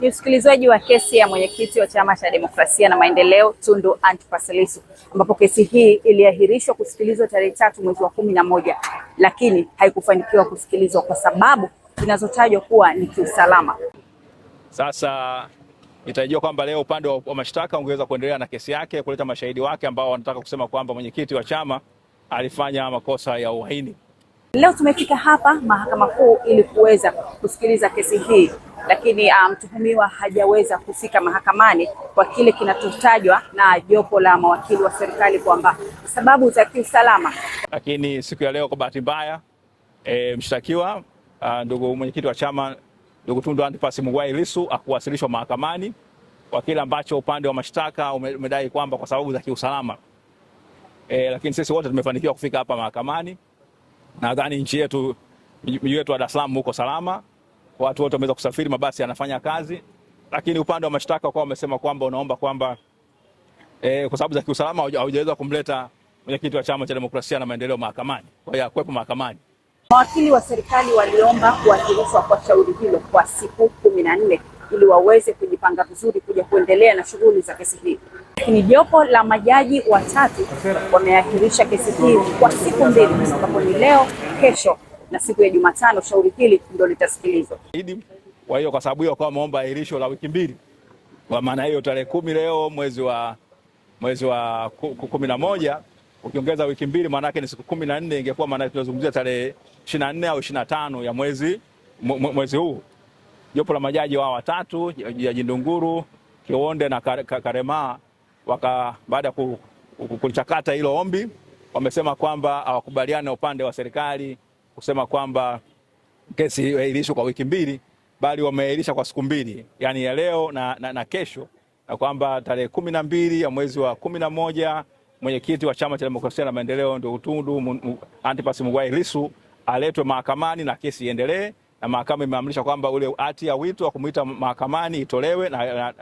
ni usikilizaji wa kesi ya mwenyekiti wa Chama cha Demokrasia na Maendeleo Tundu Antipas Lissu, ambapo kesi hii iliahirishwa kusikilizwa tarehe tatu mwezi wa kumi na moja, lakini haikufanikiwa kusikilizwa kwa sababu zinazotajwa kuwa ni kiusalama. Sasa itajua kwamba leo upande wa mashtaka ungeweza kuendelea na kesi yake kuleta mashahidi wake ambao wanataka kusema kwamba mwenyekiti wa chama alifanya makosa ya uhaini. Leo tumefika hapa Mahakama Kuu ili kuweza kusikiliza kesi hii lakini ah, mtuhumiwa um, hajaweza kufika mahakamani kwa kile kinachotajwa na jopo la mawakili wa serikali kwamba sababu za kiusalama. Lakini siku ya leo kwa bahati mbaya e, mshtakiwa uh, ndugu mwenyekiti wa chama ndugu Tundu Antipas Mugwai Lissu akuwasilishwa mahakamani kwa kile ambacho upande wa mashtaka umedai kwamba kwa sababu za kiusalama. E, lakini sisi wote tumefanikiwa kufika hapa mahakamani. Nadhani nchi yetu mji wetu wa Dar es Salaam uko salama watu wote wameweza kusafiri, mabasi yanafanya kazi, lakini upande wa mashtaka kwa wamesema kwamba unaomba kwamba e, kwa sababu za kiusalama haujaweza kumleta mwenyekiti wa Chama cha Demokrasia na Maendeleo mahakamani, kwa hiyo akwepo mahakamani. Mawakili wa serikali waliomba kuahirishwa kwa shauri hilo kwa siku kumi na nne ili waweze kujipanga vizuri kuja kuendelea na shughuli za kesi hii, lakini jopo la majaji watatu wameahirisha kesi hii kwa siku mbili, ambapo ni leo, kesho na siku ya Jumatano shauri hili ndio litasikilizwa. Kwa hiyo kwa sababu hiyo kwa ameomba ahirisho la wiki mbili. Kwa maana hiyo tarehe kumi leo mwezi wa mwezi wa kumi na moja ukiongeza wiki mbili maana yake ni siku kumi na nne ingekuwa maana tunazungumzia tarehe ishirini na nne au ishirini na tano ya mwezi mwezi huu. Jopo la majaji wao watatu Jaji Ndunguru, Kionde na Karema waka baada ya kulichakata hilo ombi wamesema kwamba hawakubaliani upande wa serikali kusema kwamba kesi iahirishwe kwa wiki mbili, bali wameahirisha kwa siku mbili, yani ya leo na, na, na kesho, na kwamba tarehe kumi na mbili ya mwezi wa kumi na moja mwenyekiti wa Chama cha Demokrasia na Maendeleo ndio Tundu Antipas Mugwai Lissu aletwe mahakamani na kesi iendelee, na mahakama imeamrisha kwamba ule hati ya wito wa kumwita mahakamani itolewe na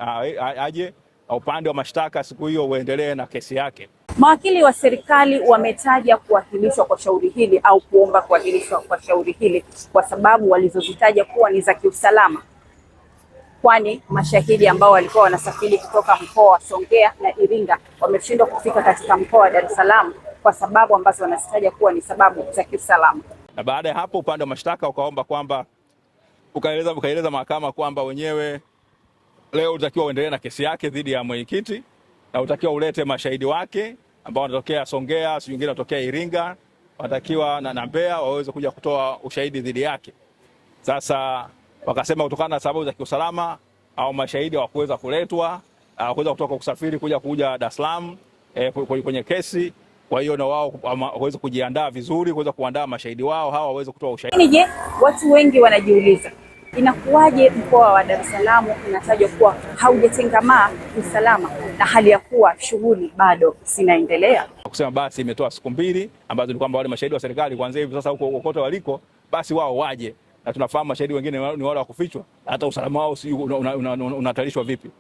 aje, na upande wa mashtaka siku hiyo uendelee na kesi yake. Mawakili wa serikali wametaja kuwakilishwa kwa shauri hili au kuomba kuwakilishwa kwa shauri hili kwa sababu walizozitaja kuwa ni za kiusalama, kwani mashahidi ambao walikuwa wanasafiri kutoka mkoa wa Songea na Iringa wameshindwa kufika katika mkoa wa Dar es Salaam kwa sababu ambazo wanazitaja kuwa ni sababu za kiusalama. Na baada ya hapo upande wa mashtaka ukaomba kwamba ukaeleza ukaeleza mahakama kwamba wenyewe leo utakiwa uendelee na kesi yake dhidi ya mwenyekiti na utakiwa ulete mashahidi wake ambao wanatokea Songea, si wengine wanatokea Iringa, wanatakiwa na Mbeya waweze kuja kutoa ushahidi dhidi yake. Sasa wakasema kutokana na sababu za kiusalama au mashahidi hawakuweza kuletwa, kuweza kutoka kusafiri kuja kuja Dar es Salaam eh, kwenye kesi kwa hiyo na wao waweze kujiandaa vizuri, kuweza kuandaa mashahidi wao hawa waweze kutoa ushahidi. Je, watu wengi wanajiuliza Inakuwaje mkoa wa Dar es Salaam unatajwa kuwa haujatengamaa usalama na hali ya kuwa shughuli bado zinaendelea? Kusema basi imetoa siku mbili ambazo ni kwamba wale mashahidi wa serikali kuanzia hivi sasa huko kokote waliko, basi wao waje, na tunafahamu mashahidi wengine ni wale wa kufichwa, hata usalama wao unahatarishwa una, una, una vipi.